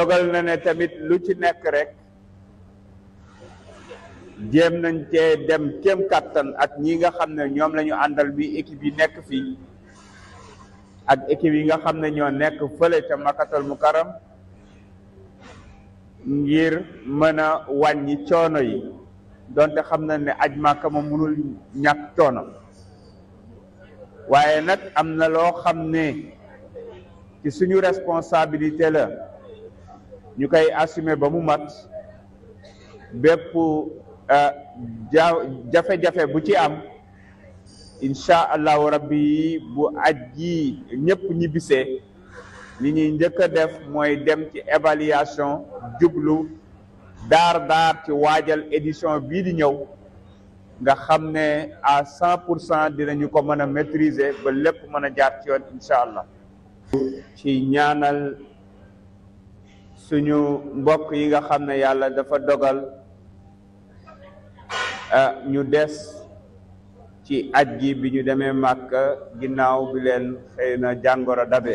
logal na ne tamit lu ci nekk rek jéem nañ cee dem kéem kàttan ak ñi nga xam ne ñoom lañu àndal bi équipe yi nekk fii ak équipe yi nga xam ne ñoo nekk fële ca makatal mu karam ngir mën a wàññi coono yi doonte xam na ne aj màkka ma mënul ñàkk coono waaye nag am na loo xam ne ci suñu responsabilité la ñu koy assumer ba mu mat bépp euh, ja jafe-jafe bu ci am incha allahu rabbi bu aj ji ñëpp ñibbisee li ñuy njëkk a def mooy dem ci évaluation jublu daar daar ci waajal édition bii di ñëw nga xam ne à cent pour cent dinañu ko mën a maîtriser ba lépp mën a jaar ci yoon incha allah ci ñaanal suñu mbokk yi nga xam ne yàlla dafa dogal ah, ñu des ci at gi bi ñu demee màkk ginnaaw bi leen xëy na jàngoro dabe